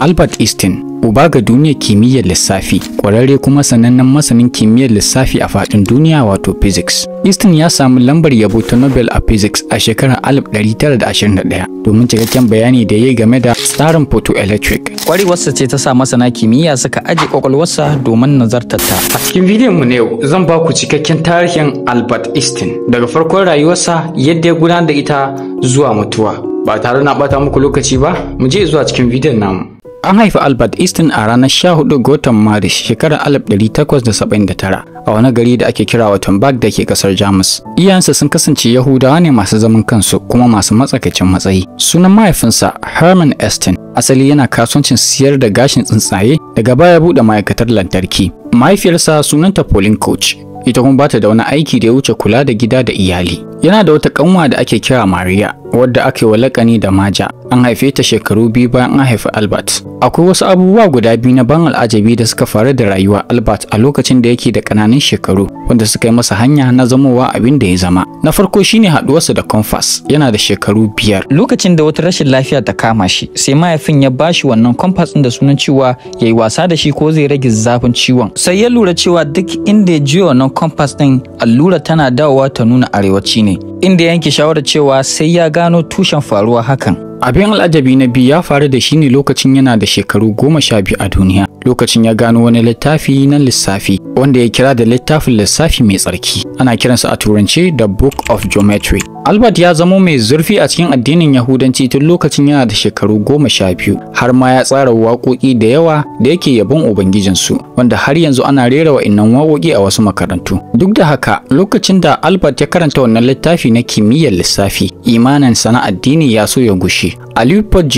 Albert Einstein, uba ga duniyar kimiyyar lissafi, ƙwararre kuma sanannen masanin kimiyyar lissafi a faɗin duniya wato physics. Einstein ya samu lambar yabo ta Nobel a physics a shekarar 1921 domin cikakken bayani da ya yi game da tsarin photoelectric. Ƙwarewarsa ce ta sa masana kimiyya suka aje ƙwaƙwalwarsa domin nazartar ta. A cikin bidiyon mu na yau zan ba ku cikakken tarihin Albert Einstein daga farkon rayuwarsa yadda ya gudanar da ita zuwa mutuwa. Ba tare na bata muku lokaci ba, mu je zuwa cikin bidiyon namu. An haifi Albert Easton a ranar 14 ga watan Maris shekarar 1879 a wani gari da ake kira Wittenberg da ke kasar Jamus. Iyayensa sun kasance Yahudawa ne masu zaman kansu kuma masu matsakaicin matsayi. Sunan mahaifinsa Herman Easton asali yana kasuwancin siyar da gashin tsuntsaye daga baya buɗe ma'aikatar lantarki. Mahaifiyarsa sunanta Pauline Coach ita kuma bata da wani aiki da ya wuce kula da gida da iyali. Yana da wata kanwa da ake kira Maria, wadda aka yi wa lakani da Maja. An haife ta shekaru biyu bayan an haifi Albert. Akwai wasu abubuwa guda biyu na ban al'ajabi da suka faru da rayuwa Albert a lokacin da yake da ƙananan shekaru, wanda suka yi masa hanya na zamowa abin da ya zama. Na farko shine haɗuwarsa da Compass, yana da shekaru biyar. Lokacin da wata rashin lafiya ta kama shi, sai mahaifin ya bashi wannan Compass ɗin da sunan cewa ya yi wasa da shi ko zai rage zafin ciwon. Sai ya lura cewa duk inda ya ji wannan Compass ɗin allura tana dawowa ta nuna arewaci ne. inda yanke shawarar cewa sai ya gano tushen faruwa hakan. Abin al'ajabi na biyu ya faru da shi ne lokacin yana da shekaru goma sha biyu a duniya. Lokacin ya gano wani littafi na lissafi wanda ya kira da littafin lissafi mai tsarki. Ana kiransa a turance The Book of Geometry. Albert ya zamo mai zurfi a cikin addinin Yahudanci tun lokacin yana da shekaru goma sha biyu, har ma ya tsara waƙoƙi da yawa da yake yabon Ubangijinsu, wanda har yanzu ana rera wa innan waƙoƙi a wasu makarantu. Duk da haka, lokacin da Albert ya karanta wannan littafi na kimiyyar lissafi, imanin sana addini ya so ya gushe. A Leopold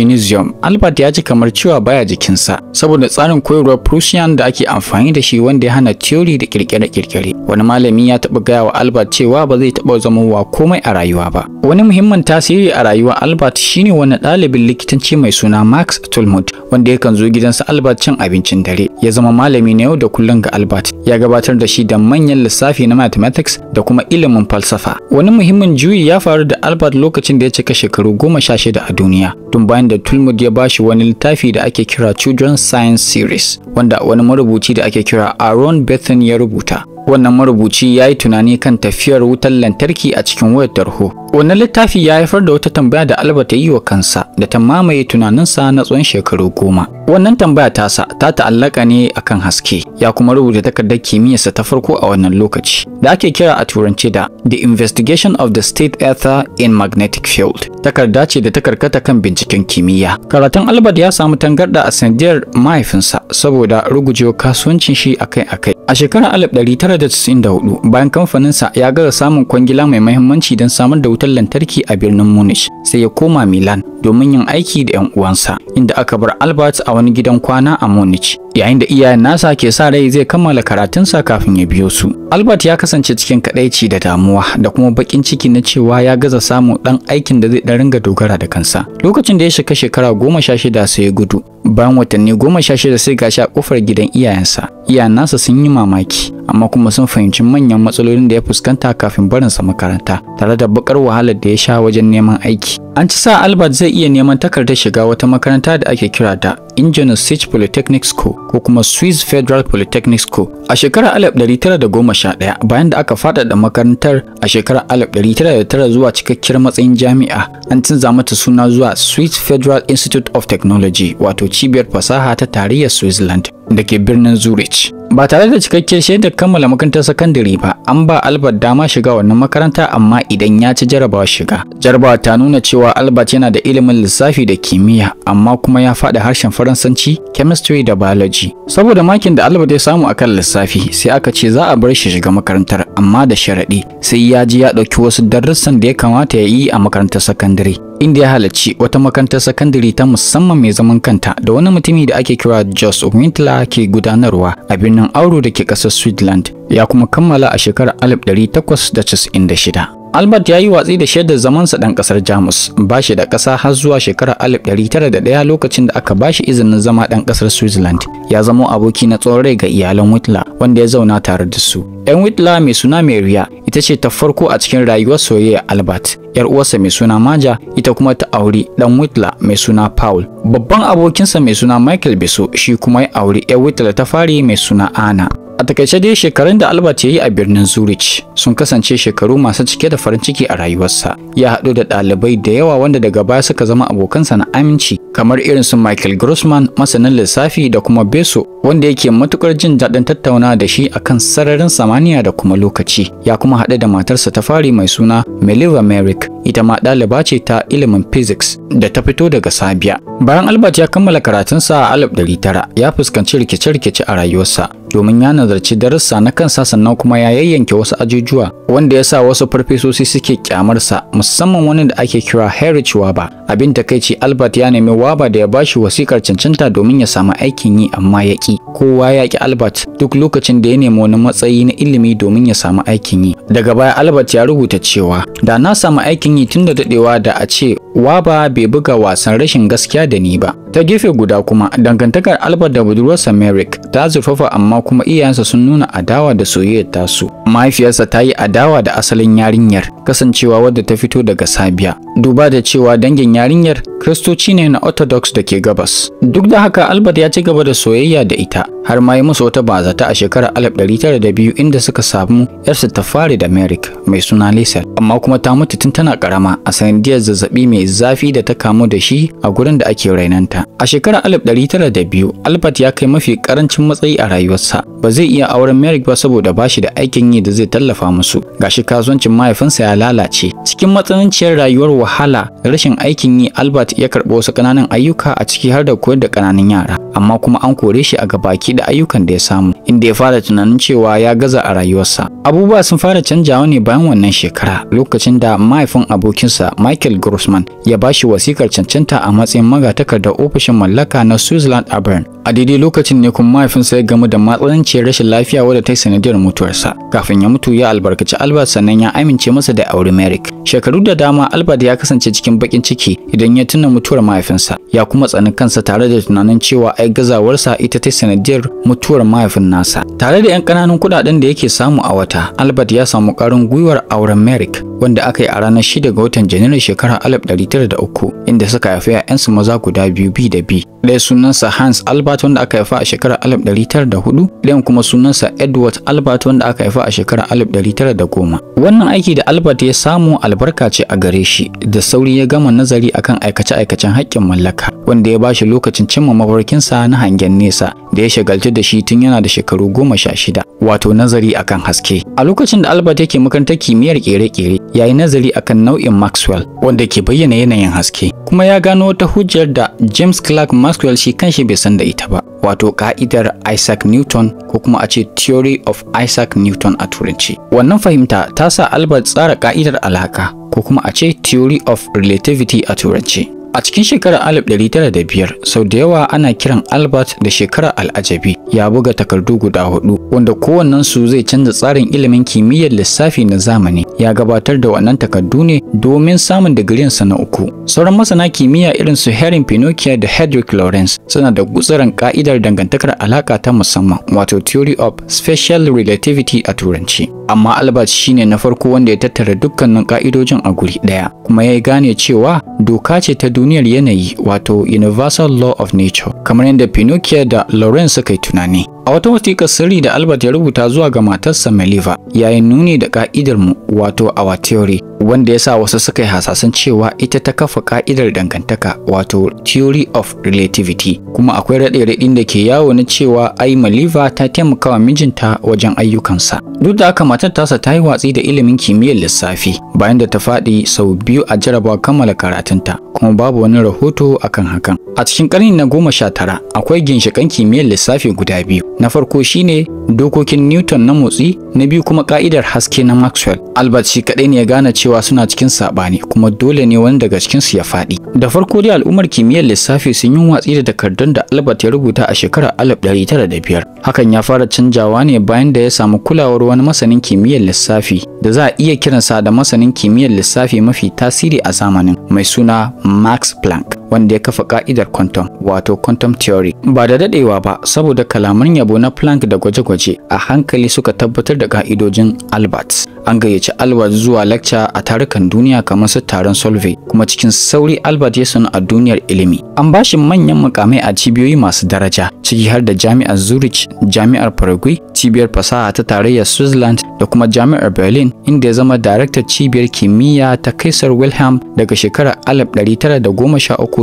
Albert ya ji kamar cewa baya jikinsa, saboda tsarin koyarwar Prussian da ake amfani da shi wanda ya hana theory da kirkire-kirkire. Wani malami ya taɓa gaya wa Albert cewa ba zai taɓa wa komai a rayuwa. rayuwa ba. Wani muhimmin tasiri a rayuwar Albert shine wani ɗalibin likitanci mai suna Max Tulmud wanda yakan zo gidansa Albert cin abincin dare. Ya zama malami na yau da kullum ga Albert. Ya gabatar da shi da manyan lissafi na mathematics da kuma ilimin falsafa. Wani muhimmin juyi ya faru da Albert lokacin da ya cika shekaru goma sha shida a duniya. Tun bayan da Tulmud ya bashi wani littafi da ake kira Children's Science Series wanda wani marubuci da ake kira Aaron Bethan ya rubuta. wannan marubuci ya yi tunani kan tafiyar wutar lantarki a cikin wayar tarho wannan littafi ya haifar da wata tambaya da Alba ta yi wa kansa da ta mamaye tunaninsa na tsawon shekaru goma wannan tambaya tasa ta ta'allaka ne akan haske ya kuma rubuta takardar kimiyyarsa ta farko a wannan lokaci da ake kira a turance da the investigation of the state ether in magnetic field takarda ce da ta karkata kan binciken kimiyya karatun albert ya samu tangarda a sanadiyar mahaifinsa saboda rugujewa kasuwancin shi akai-akai A shekarar 1994 bayan kamfaninsa ya gaza samun kwangila mai mahimmanci don samar da wutar lantarki a birnin Munich sai ya koma Milan domin yin aiki da 'yan uwansa inda aka bar Albert a wani gidan kwana a Munich yayin da iyayen nasa ke sa rai zai kammala karatunsa kafin ya biyo su. Albert ya kasance cikin kadaici da damuwa da kuma bakin ciki na cewa ya gaza samun dan aikin da zai dan ringa dogara da kansa. Lokacin da ya shiga shekara goma sha shida sai ya gudu bayan watanni goma sha shida sai gashi a kofar gidan iyayensa iya nasa sun yi mamaki amma kuma sun fahimci manyan matsalolin da ya fuskanta kafin barinsa makaranta tare da bakar wahalar da ya sha wajen neman aiki An ci sa Albert zai iya neman takardar shiga wata makaranta da ake kira da Ingenious Switch Polytechnic School ko kuma Swiss Federal Polytechnic School. A shekarar 1911 bayan da aka faɗaɗa makarantar a shekarar 1909 zuwa cikakkiyar matsayin jami'a, an canza mata suna zuwa Swiss Federal Institute of Technology wato cibiyar fasaha ta tarayyar Switzerland da ke birnin Zurich. Ba tare da cikakkiyar shaidar kammala makarantar sakandare ba, an ba Albert dama shiga wannan makaranta amma idan ya ci jarabawa shiga. Jarabawa ta nuna cewa cewa Albert yana da ilimin lissafi da kimiyya amma kuma ya faɗi harshen Faransanci, chemistry da biology. Saboda makin da Albert ya samu akan lissafi sai aka ce za a bar shi shiga makarantar amma da sharaɗi sai ya ji ya ɗauki wasu darussan da ya kamata ya yi a makarantar sakandare. inda ya halarci wata makarantar sakandare ta musamman mai zaman kanta da wani mutumi da ake kira Jos Wintler ke gudanarwa a birnin Auro da ke ƙasar Switzerland ya kuma kammala a shekarar 1896. Albert ya yi watsi da shaidar zamansa ɗan ƙasar Jamus, ba shi da ƙasa har zuwa shekarar 1901 lokacin da aka ba shi izinin zama ɗan ƙasar Switzerland. Ya zamo aboki na tsawon rai ga iyalan Whitla, wanda ya zauna tare da su. ‘Yan Whitla mai suna Maria ita ce ta farko a cikin rayuwar soyayya Albert. ‘Yar uwarsa mai suna Maja ita kuma ta auri ɗan Whitla mai suna Paul. Babban abokinsa mai suna Michael Beso shi kuma ya auri ‘yar Whitla ta fari mai suna Anna. A takaice dai shekarun da Albert ya yi a birnin Zurich sun kasance shekaru masu cike da farin ciki a rayuwarsa. Ya haɗu da ɗalibai da yawa wanda daga baya suka zama abokansa na aminci kamar irin su Michael Grossman masanin lissafi da kuma Beso wanda yake matukar jin daɗin tattauna da shi akan sararin samaniya da kuma lokaci. Ya kuma haɗu da matarsa ta fari mai suna Meliva Merrick ita ma ɗaliba ce ta ilimin physics da ta fito daga Sabiya. Bayan Albert ya kammala karatunsa a 1900 ya fuskanci rikice-rikice a rayuwarsa domin ya nazarci darussa na kansa sannan kuma ya yayyanke wasu ajujuwa wanda ya sa wasu farfesoshi suke kyamarsa musamman wani da ake kira Heinrich Waba. Abin takaici Albert ya nemi Waba da ya bashi wasikar cancanta domin ya samu aikin yi amma ya ki. Kowa ya ki Albert duk lokacin da ya nemi wani matsayi na ilimi domin ya samu aikin yi. Daga baya Albert ya rubuta cewa da na samu aikin yi tun da dadewa da a ce Waba bai buga wasan rashin gaskiya da ni ba. Ta gefe guda kuma dangantakar Albert da budurwarsa Merrick ta zurfafa amma kuma iyayensa sun nuna adawa da soyayyar tasu mahaifiyarsa ta yi adawa da asalin yarinyar kasancewa wadda ta fito daga sabiya duba da cewa dangin yarinyar kristoci ne na orthodox da ke gabas duk da haka albert ya ci gaba da soyayya da ita har ma yi musu wata bazata a shekarar 1902 inda suka samu yarsa ta fari da merrick mai suna lisa amma kuma ta mutu tun tana karama a sanadiyar zazzabi mai zafi da ta kamu da shi a gurin da ake rainanta a shekarar 1902 albert ya kai mafi karancin matsayi a rayuwarsa sa ba zai iya auren Merrick ba saboda ba shi da aikin yi da zai tallafa musu gashi kasuwancin mahaifinsa ya lalace cikin matsananciyar rayuwar wahala rashin aikin yi Albert ya karɓi wasu ƙananan ayyuka a ciki har da koyar da ƙananan yara amma kuma an kore shi a gabaki da ayyukan da ya samu inda ya fara tunanin cewa ya gaza a rayuwarsa. Abubuwa sun fara canjawa ne bayan wannan shekara lokacin da mahaifin abokinsa Michael Grossman ya ba shi wasikar cancanta a matsayin magatakardar ofishin mallaka na Switzerland a Bern. A daidai lokacin ne kuma mahaifinsa ya gamu da matsalanciyar rashin lafiya wadda ta yi sanadiyar mutuwarsa. Kafin ya mutu ya albarkaci Albert sannan ya amince masa da aure Merrick. Shekaru da dama Albert ya kasance cikin baƙin ciki idan ya tuna mutuwar mahaifinsa ya kuma tsani kansa tare da tunanin cewa ai gazawarsa ita ta sanadiyar mutuwar mahaifin nasa tare da 'yan kananan kuɗaɗen da yake samu a wata albert ya samu ƙarin gwiwar auren merrick wanda aka yi a ranar 6 ga watan Janairu shekarar 1903 inda suka haifi 'ya'yansu maza guda biyu bi da bi ɗaya sunansa hans albert wanda aka haifa a shekarar 1904 ɗayan kuma sunansa edward albert wanda aka haifa a shekarar 1910 wannan aiki da albert ya samu albarka ce a gare shi da sauri ya gama nazari akan aikace-aikacen haƙƙin mallaka wanda ya bashi lokacin cimma mafarkinsa na hangen nesa da ya shagalci da shi tun yana da shekaru goma sha shida wato nazari akan haske a lokacin da albert yake makarantar kimiyyar kere-kere ya yi nazari akan nau'in maxwell wanda ke bayyana yanayin haske kuma ya gano wata hujjar da james clark maxwell shi kanshi bai san da ita ba wato ka'idar isaac newton ko kuma a ce theory of isaac newton a turanci wannan fahimta ta sa albert tsara ka'idar alaka ko kuma a ce theory of relativity a turanci A cikin shekarar 1905 sau da yawa ana kiran Albert da shekarar al'ajabi ya buga takardu guda hudu wanda su zai canza tsarin ilimin kimiyyar lissafi na zamani ya gabatar da wannan takardu ne domin samun sa na uku. Sauran masana kimiyya irin su Herin Pinocchio da Hedrick Lawrence suna da gutsuran ka'idar dangantakar alaka ta musamman wato Theory of Special Relativity a Turanci. amma Albert shine na farko wanda ya tattara dukkanin ka'idojin a guri ɗaya kuma ya gane cewa doka ce ta duniyar yanayi wato Universal Law of Nature kamar yadda Pinocchio da Lawrence suka yi tunani A wata wasiƙar sirri da Albert ya rubuta zuwa ga matarsa Maliva yayin nuni da ka'idar mu wato our theory, wanda ya sa wasu suka yi hasasan cewa ita ta kafa ka'idar dangantaka wato theory of relativity. Kuma akwai raɗe-raɗin da ke yawo na cewa ai maliva ta taimaka wa mijinta wajen ayyukansa. Duk da haka matar tasa ta yi watsi da ilimin kimiyyar lissafi bayan da ta faɗi sau biyu a jarabawa kammala karatunta, kuma babu wani rahoto akan hakan. A cikin ƙarni na goma sha tara akwai ginshikan kimiyyar lissafi guda biyu Na farko shine dokokin Newton na motsi, na biyu kuma ka'idar haske na Maxwell. Albert shi kadai ne ya gane cewa suna cikin saɓani kuma dole ne wani daga cikin su ya fadi. Da farko dai al'ummar kimiyyar lissafi sun yi watsi da takardun da Albert ya rubuta a shekarar 1905. Hakan ya fara canjawa ne bayan da ya samu kulawar wani masanin kimiyyar lissafi da za a iya kiransa da masanin kimiyyar lissafi mafi tasiri a zamanin mai suna Max Planck. wanda ya kafa ka'idar quantum wato quantum theory ba da dadewa ba saboda kalaman yabo na Planck da gwaje-gwaje a hankali suka tabbatar da ka'idojin Albert an gayyaci Albert zuwa lecture a tarukan duniya kamar su taron Solvay kuma cikin sauri Albert ya sanu a duniyar ilimi an bashi manyan mukamai a cibiyoyi masu daraja ciki har da jami'ar Zurich jami'ar Paraguay cibiyar fasaha ta tarayyar Switzerland da kuma jami'ar Berlin inda ya zama daraktar cibiyar kimiyya ta Kaisar Wilhelm daga shekarar 1913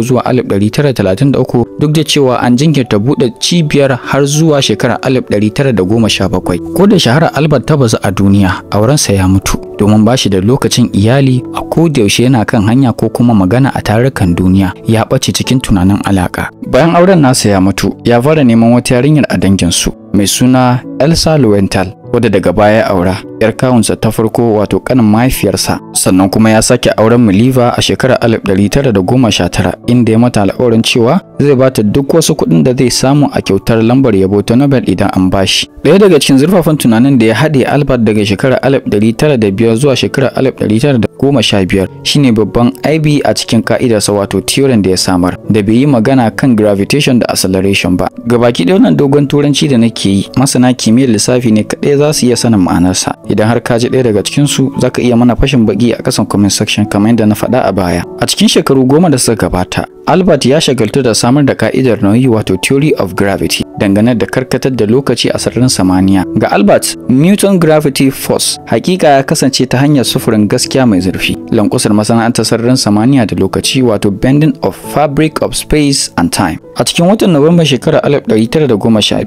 zuwa 1933 duk da cewa an jinkirta buɗe cibiyar har zuwa shekarar 1917. Ko da shahara Albert ta bazu a duniya, aurensa ya mutu domin ba shi da lokacin iyali a yaushe yana kan hanya ko kuma magana a tarukan duniya ya ɓace cikin tunanin alaƙa. Bayan auren nasa ya mutu, ya fara neman wata yarinyar a danginsu mai suna Elsa Lowenthal wadda daga baya aura yar kawunsa ta farko wato kanin mahaifiyarsa sannan kuma ya sake auren Miliva a shekarar 1919 inda ya mata alƙawarin cewa zai bata duk wasu kuɗin da zai samu a kyautar lambar yabo ta Nobel idan an ba shi. ɗaya daga cikin zurfafan tunanin da ya haɗe Albert daga shekarar 1905 zuwa shekarar 1915 shine babban ib a cikin ka'idarsa wato theorem da ya samar da bai yi magana kan gravitation da acceleration ba gabaki ɗaya wannan dogon turanci da nake yi masana kimiyyar lissafi ne kaɗai za su iya sanin ma'anarsa idan har ka ji ɗaya daga cikin su zaka iya mana fashin baki a kasan comment section kamar yadda na faɗa a baya a cikin shekaru goma da suka gabata Albert ya shagaltu da samar da ka'idar nauyi wato theory of gravity dangane da karkatar da lokaci a sararin samaniya. Ga Albert, Newton gravity force hakika ya kasance ta hanyar sufurin gaskiya mai zurfi, lankusar masana'antar sararin samaniya da lokaci wato bending of fabric of space and time. A cikin watan Nuwamban shekarar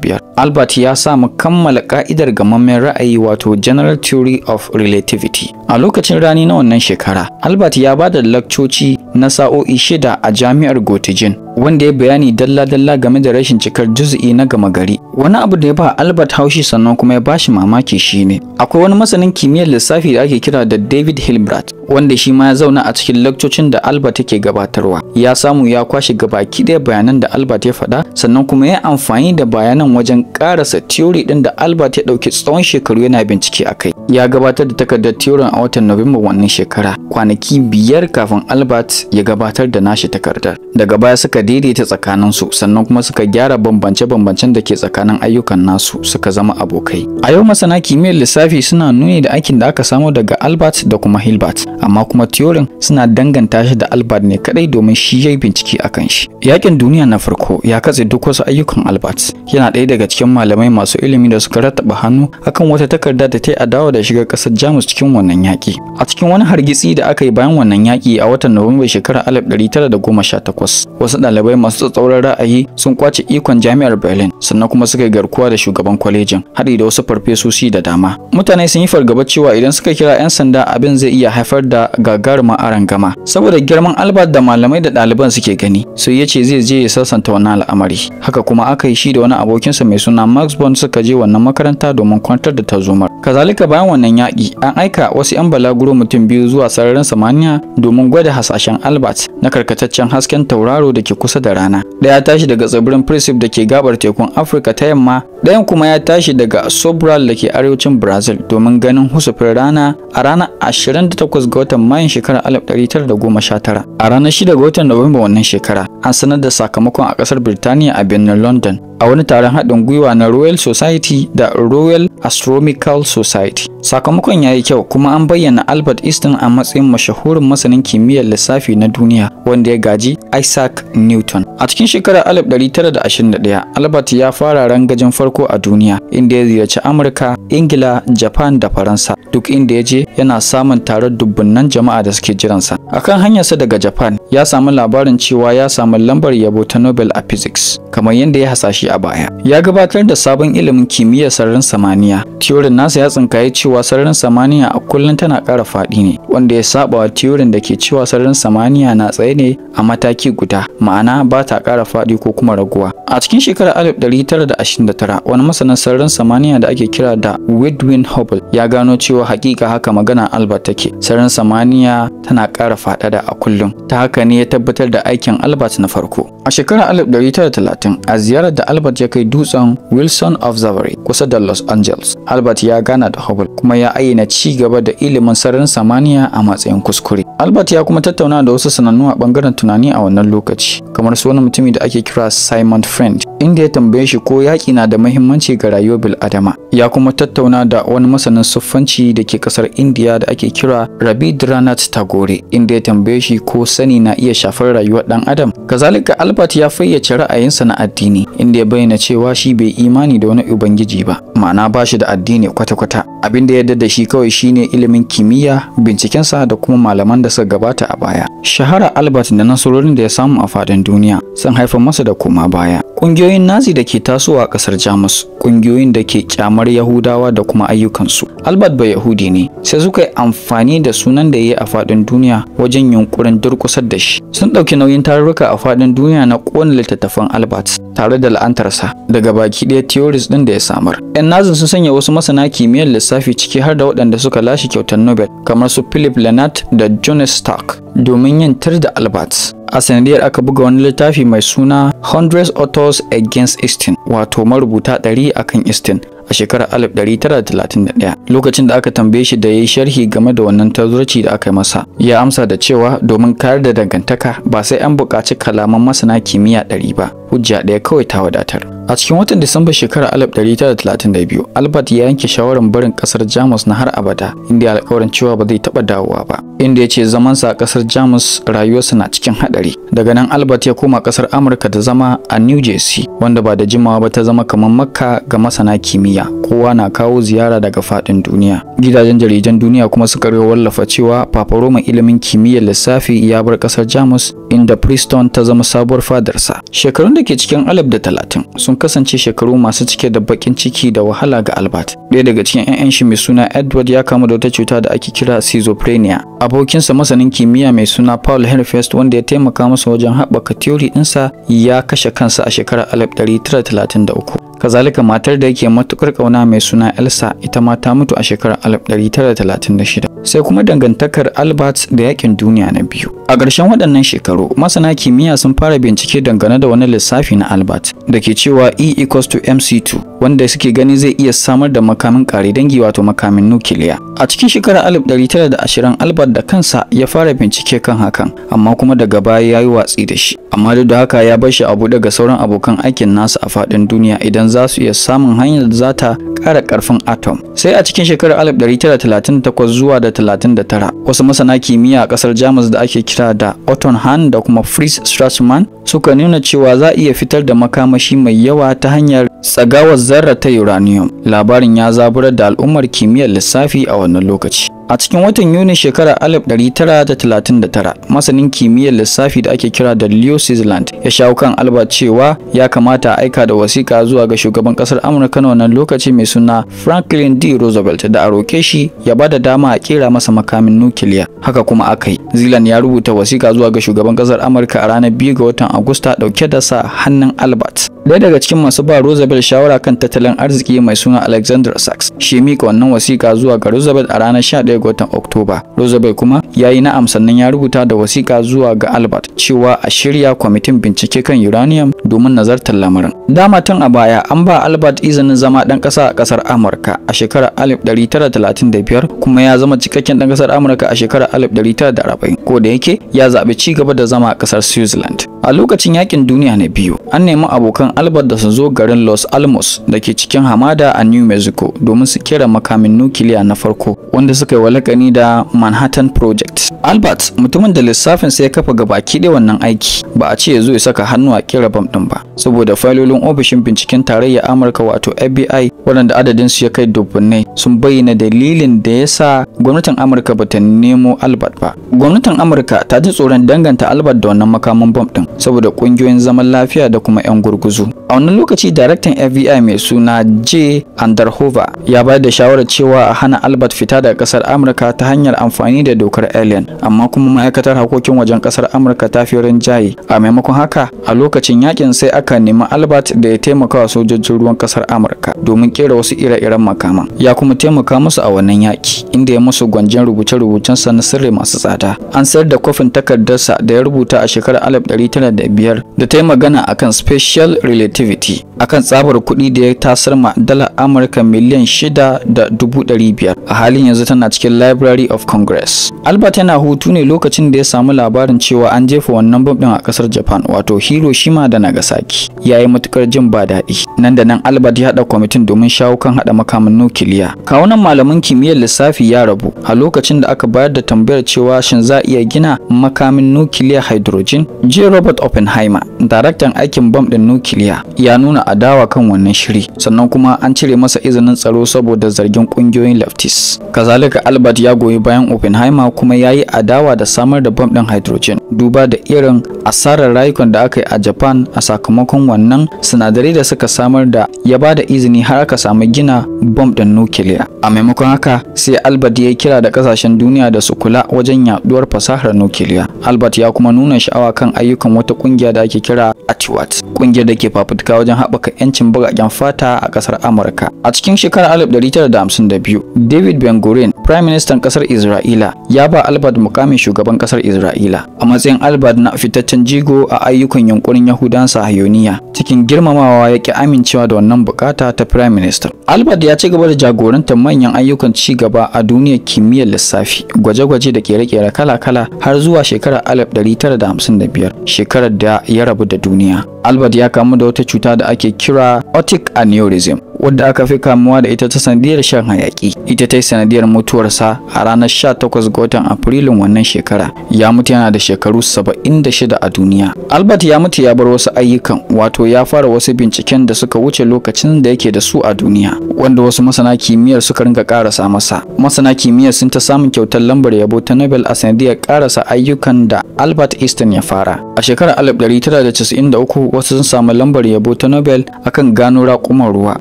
biyar, Albert ya samu kammala ka'idar gamammen ra'ayi wato general theory of relativity. A lokacin rani na wannan shekara, Albert ya ba da lakcoci na sa'o'i shida a jami'ar jami'ar Gotijin wanda ya bayani dalla-dalla game da rashin cikar juzu'i na gama gari. Wani abu da ya ba Albert haushi sannan kuma ya bashi mamaki shine akwai wani masanin kimiyyar lissafi da ake kira da David Hilbert wanda shi ma ya zauna a cikin lakcocin da Alba take gabatarwa ya samu ya kwashe gabaki ɗaya bayanan da Albert ya faɗa sannan kuma ya amfani da bayanan wajen ƙarasa theory ɗin da Albert ya ɗauki tsawon shekaru yana bincike a kai ya gabatar da takardar theory a watan Nuwamba wannan shekara kwanaki biyar kafin Albert ya gabatar da nashi takardar daga baya suka daidaita tsakaninsu sannan kuma suka gyara bambance-bambancen da ke tsakanin ayyukan nasu suka zama abokai a yau masana kimiyyar lissafi suna nuni da aikin da aka samu daga Albert da kuma Hilbert amma kuma Turing suna danganta shi da Albert ne kadai domin shi ya yi bincike a kan shi. Yakin duniya na farko ya katse duk wasu ayyukan Albert. Yana ɗaya daga cikin malamai masu ilimi da suka rataba hannu akan wata takarda da ta yi adawa da shiga ƙasar Jamus cikin wannan yaƙi. A cikin wani hargitsi da aka yi bayan wannan yaƙi a watan Nuwamba shekarar 1918, wasu ɗalibai masu tsatsauran ra'ayi sun kwace ikon jami'ar Berlin sannan kuma suka yi garkuwa da shugaban kwalejin haɗi da wasu farfesoshi da dama. Mutane sun yi fargaba cewa idan suka kira 'yan sanda abin zai iya haifar da gagaruma rangama saboda girman Albert da malamai da ɗaliban suke gani so ya ce zai je ya sassanta wannan al'amari haka kuma aka yi shi da wani abokinsa mai suna Max Bond suka je wannan makaranta domin kwantar da tarzomar kazalika bayan wannan yaƙi an aika wasu 'yan balaguro mutum biyu zuwa sararin samaniya domin gwada hasashen Albert na karkataccen hasken tauraro da ke kusa da rana ɗaya tashi daga tsibirin prinsip da ke gabar tekun Afirka ta yamma ɗayan kuma ya tashi daga Sobral da ke arewacin Brazil domin ganin husufin rana a ranar 28 ga ga watan Mayun shekarar 1919. A ranar 6 ga watan Nuwamba wannan shekara, an sanar da sakamakon a kasar Birtaniya a birnin London a wani taron haɗin gwiwa na Royal Society da Royal Astronomical Society. Sakamakon ya yi kyau kuma an bayyana Albert Einstein a matsayin mashahurin masanin kimiyyar lissafi na duniya wanda ya gaji Isaac Newton. A cikin shekarar 1921, Albert ya fara rangajin farko a duniya, inda ya ziyarci Amurka, Ingila, Japan da Faransa. Duk inda ya je, yana samun taron dubbunan jama'a da suke jiransa. A kan hanyarsa daga Japan, ya samu labarin cewa ya samu lambar yabo ta Nobel a Physics, kamar yadda ya hasashe a baya. Ya gabatar da sabon ilimin kimiyyar sararin samaniya. Tiyorin nasa ya tsinkaye cewa sararin samaniya a kullum tana ƙara faɗi ne, wanda ya saba tiyorin da ke cewa sararin samaniya na tsaye ne a mataki guda, ma'ana ba ta ƙara faɗi ko kuma raguwa. A cikin shekarar 1929, wani masanin sararin samaniya da ake kira da Wedwin Hubble ya gano cewa hakika haka magana Albert take. Sararin samaniya tana ƙara faɗaɗa a kullum. Ta haka ne ya tabbatar da aikin Albert na farko. A shekarar 1930, a ziyarar da Albert ya kai dutsen Wilson Observatory kusa da Los Angeles, Albert ya gana da Hubble kuma ya ayyana ci gaba da ilimin sararin samaniya a matsayin kuskure. Albert ya kuma tattauna da wasu sanannu a bangaren tunani a wannan lokaci, kamar su wani mutumi da ake kira Simon Friend inda ya tambaye shi ko yaƙi na da mahimmanci ga rayuwar bil'adama ya kuma tattauna da wani masanin siffanci da ke ƙasar indiya da ake kira rabindranath tagore inda ya tambaye shi ko sani na iya shafar rayuwar ɗan adam kazalika albert ya fayyace ra'ayinsa na addini inda ya bayyana cewa shi bai imani da wani ubangiji ba ma'ana ba shi da addini kwata-kwata abin da ya da shi kawai shine ilimin kimiyya bincikensa da kuma malaman da suka gabata a baya shahara albert da nasarorin da ya samu a fadin duniya sun haifar masa da koma baya ƙungiyar Ƙungiyoyin Nazi da ke tasowa a ƙasar Jamus, ƙungiyoyin da ke kyamar Yahudawa da kuma ayyukansu. Albert bai Yahudi ne, sai suka yi amfani da sunan da ya yi a faɗin duniya wajen yunkurin durƙusar da shi. Sun ɗauki nauyin tarurruka a faɗin duniya na ƙona littattafan Albert tare da la'antarsa daga baki ɗaya theories ɗin da ya samar. 'Yan Nazin sun sanya wasu masana kimiyyar lissafi ciki har da waɗanda suka lashe kyautar Nobel kamar su Philip Lenat da Jonas Stark domin yin tar da Albert. a sanadiyar aka buga wani littafi mai suna hundreds authors against easton wato marubuta ɗari akan easton a shekarar 1931 lokacin da aka tambaye shi da ya yi sharhi game da wannan tazurci da aka masa ya amsa da cewa domin kayar da dangantaka ba sai an buƙaci kalaman masana kimiyya ɗari ba hujja ɗaya kawai ta wadatar a cikin watan disamba shekarar 1932 albert ya yanke shawarar barin kasar jamus na har abada inda ya alkawarin cewa ba zai taɓa dawowa ba inda ya ce zamansa a kasar jamus rayuwarsa na cikin haɗari daga nan albert ya koma kasar amurka ta zama a new jersey wanda ba da jimawa ba ta zama kamar makka ga masana kimiyya duniya kowa na kawo ziyara daga fadin duniya gidajen jaridan duniya kuma suka wallafa cewa papa roma ilimin kimiyyar lissafi ya bar kasar jamus inda Princeton ta zama sabuwar fadarsa shekarun da ke cikin alif da talatin sun kasance shekaru masu cike da bakin ciki da wahala ga albert ɗaya daga cikin 'ya'yan shi mai suna edward ya kamu da wata cuta da ake kira schizophrenia abokinsa masanin kimiyya mai suna paul herfest wanda ya taimaka masa wajen haɓaka theory ɗinsa ya kashe kansa a shekarar 1933 kazalika matar da yake matukar kauna mai suna Elsa ita ma ta mutu a shekarar 1936 sai kuma dangantakar Albert da yakin duniya na biyu a ƙarshen waɗannan shekaru masana kimiyya sun fara bincike dangane da wani lissafi na Albert da ke cewa E equals to mc2 wanda suke gani zai iya samar da makamin kare dangi wato makamin nukiliya a cikin shekarar 1920 albert da kansa ya fara bincike kan hakan amma kuma daga baya ya yi watsi da shi amma duk da haka ya bar shi a ga sauran abokan aikin nasa a faɗin duniya idan za su iya samun hanyar da za ta ƙara ƙarfin atom sai a cikin shekarar 1938 zuwa da 39 wasu masana kimiyya a ƙasar jamus da ake kira da otto hahn da kuma fritz strassmann suka nuna cewa za a iya fitar da makamashi mai yawa ta hanyar tsagawar zarra ta uranium labarin ya Ana zaburar da al'ummar kimiyyar lissafi a wannan lokaci A cikin watan Yuni shekarar 1939, masanin kimiyyar lissafi da ake kira da Leo Szilard ya shawo kan alba cewa ya kamata a aika da wasiƙa zuwa ga shugaban ƙasar Amurka na wannan lokaci mai suna Franklin D. Roosevelt da a roke shi ya ba da dama a kera masa makamin nukiliya. Haka kuma aka yi. Zealand ya rubuta wasiƙa zuwa ga shugaban ƙasar Amurka a ranar 2 ga watan Agusta ɗauke da sa hannun Albert. Ɗaya daga cikin masu ba Roosevelt shawara kan tattalin arziki mai suna Alexander Sachs shi miƙa wannan wasiƙa zuwa ga Roosevelt a ranar 11 31 ga watan Oktoba. Roosevelt kuma ya yi na'am sannan ya rubuta da wasiƙa zuwa ga Albert cewa a shirya kwamitin bincike kan uranium domin nazartar lamarin. Dama tun a baya an ba Albert izinin zama ɗan ƙasa a ƙasar Amurka a shekarar 1935 kuma ya zama cikakken ɗan ƙasar Amurka a shekarar 1940 ko da yake ya zaɓi ci gaba da zama a ƙasar Switzerland. A lokacin yakin duniya na biyu, an nemi abokan Albert da su zo garin Los Alamos da ke cikin hamada a New Mexico domin su kera makamin nukiliya na farko wanda suka yi walakani da Manhattan Project. Albert mutumin da lissafin sai ya kafa gaba da wannan aiki ba a ce ya zo ya saka hannu a kira bam din ba saboda failolin ofishin binciken tarayya Amurka wato FBI waɗanda adadin su ya kai dubbunai sun bayyana dalilin da ya sa gwamnatin Amurka ba ta nemo Albert ba. Gwamnatin Amurka ta ji tsoron danganta Albert da wannan makamin bam din saboda ƙungiyoyin zaman lafiya da kuma 'yan gurguzu. A wannan lokaci daraktan FBI mai suna J. Underhover ya bayar da shawarar cewa a hana Albert fita daga ƙasar Amurka ta hanyar amfani da dokar Alien, amma kuma ma'aikatar hakokin wajen kasar Amurka ta fi rinjaye. A maimakon haka, a lokacin yakin sai aka nemi Albert da ya taimaka wa sojojin ruwan kasar Amurka domin kera wasu ire-iren makama Ya kuma taimaka musu a wannan yaki, inda ya musu gwanjen rubuce rubucen sa na sirri masu tsada. An sayar da kofin takardarsa da ya rubuta a shekarar 1905 da ta yi magana akan special relativity akan tsabar kuɗi da ya tasar ma dala Amurka miliyan 6 da 500 a halin yanzu tana cikin cikin Library of Congress. Albert yana hutu ne lokacin da ya samu labarin cewa an jefa wannan bom din a kasar Japan wato Hiroshima da Nagasaki. Ya yi matukar jin ba daɗi. Nan da nan Albert ya haɗa kwamitin domin shawo kan haɗa makamin nukiliya. Kawunan malaman kimiyyar lissafi ya rabu a lokacin da aka bayar da tambayar cewa shin za a iya gina makamin nukiliya hydrogen? J. Robert Oppenheimer daraktan aikin bam din nukiliya ya nuna adawa kan wannan shiri sannan kuma an cire masa izinin tsaro saboda zargin kungiyoyin leftis kazalika albert ya goyi bayan oppenheimer kuma ya yi adawa da samar da bam din hydrogen duba da irin asarar rayukan da aka yi a japan a sakamakon wannan sinadarai da suka samar da ya ba da izini har aka samu gina bam din nukiliya a maimakon haka sai albert ya kira da kasashen duniya da su kula wajen yaduwar fasahar nukiliya albert ya kuma nuna sha'awa kan ayyukan wata kungiya da ake kira Atiwat, kungiyar da ke fafutuka wajen haɓaka 'yancin bugaken fata a ƙasar Amurka. A cikin shekarar 1952, David Ben-Gurion Prime Minister kasar Isra'ila ya ba Albert mukamin shugaban kasar Isra'ila a matsayin Albert na fitaccen jigo a ayyukan yunkurin Yahudan Sahayoniya cikin girmamawa ya ki amincewa da wannan bukata ta Prime Minister. Albert ya ci gaba da jagorantar manyan ayyukan ci gaba a duniyar kimiyyar lissafi, gwaje-gwaje da kere-kere kala-kala har zuwa shekarar 1955, shekarar da ya rabu da duniya. Albert ya kamu da wata cuta da ake kira otic aneurysm wadda aka fi kamuwa da ita ta sanadiyar shan hayaki ita ta yi sanadiyar mutuwarsa a ranar 18 ga watan afrilun wannan shekara ya mutu yana da shekaru 76 a duniya albert ya mutu ya bar wasu ayyukan wato ya fara wasu binciken da suka wuce lokacin da yake da su a duniya wanda wasu masana kimiyyar suka ringa karasa masa masana kimiyyar sun ta samun kyautar lambar yabo ta nobel a sanadiyar karasa ayyukan da albert einstein ya fara a shekarar 1993 wasu sun samu lambar yabo ta nobel akan gano raƙuman ruwa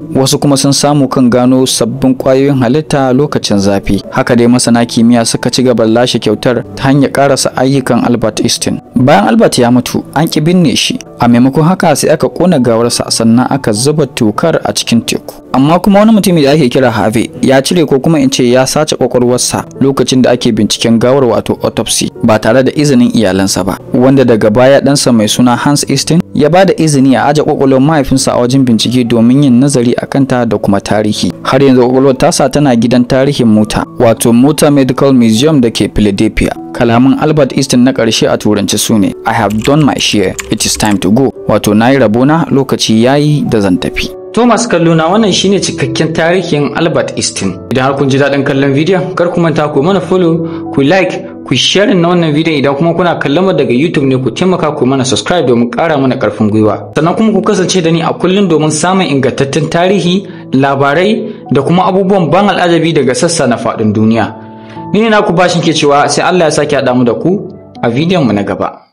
wasu kuma sun samu kan gano sabbin kwayoyin halitta lokacin zafi haka dai masana kimiyya suka ci gaba lashe kyautar ta hanyar karasa ayyukan albert einstein bayan albert ya mutu an ki binne shi a maimakon haka sai aka kona gawarsa sannan aka zuba tukar a cikin teku amma kuma wani mutumi da ake kira have ya cire ko kuma in ce ya sace kwakwalwarsa lokacin da ake binciken gawar wato autopsy ba tare da izinin iyalansa ba wanda daga baya ɗansa mai suna Hans Easton ya ba da izini a aje kwakwalwar mahaifinsa a wajen bincike domin yin nazari a kanta da kuma tarihi har yanzu kwakwalwar tasa tana gidan tarihin mota wato mota medical museum da ke Philadelphia kalaman Albert Einstein na karshe a turanci su ne I have done my share it is time to go wato nayi rabona lokaci yayi da zan tafi Thomas Kalluna wannan shine cikakken tarihin Albert Einstein. Idan har kun ji daɗin kallon bidiyon, kar ku manta ku mana follow, ku like, ku share na wannan bidiyon idan kuma kuna kallon daga YouTube ne ku taimaka ku mana subscribe domin ƙara mana ƙarfin gwiwa. Sannan kuma ku kasance da ni a kullum domin samun ingantaccen tarihi, labarai da kuma abubuwan ban al'ajabi daga sassa na faɗin duniya. ni ne naku bashin ke cewa sai Allah ya sake haɗa mu da ku a bidiyon mu na gaba